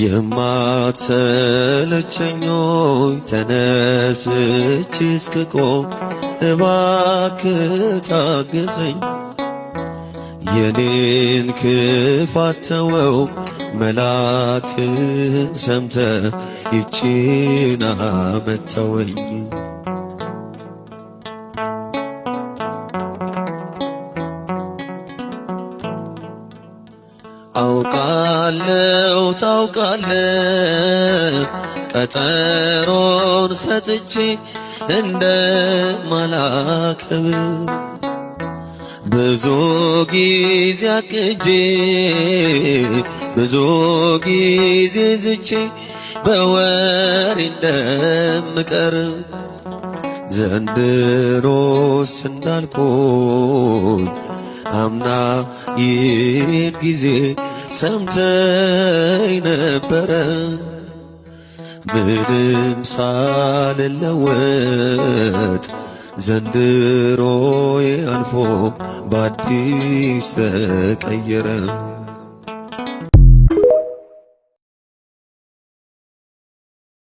የማትሰለቸኞይ ተነስቼ እስክቆም እባክህ ታግሰኝ። የኔን ክፋት ተወው መላክን ሰምተ ይቺና መተወኝ አውቃለው ታውቃለ ቀጠሮን ሰጥቼ እንደ ማላከብር ብዙ ጊዜ አቅጄ ብዙ ጊዜ ዝቼ በወሬ እንደምቀር ዘንድሮስ እንዳልኩኝ አምና ይህን ጊዜ ሰምተኝ ነበረ ምንም ሳልለወጥ ዘንድሮዬ አልፎ በአዲስ ተቀየረ።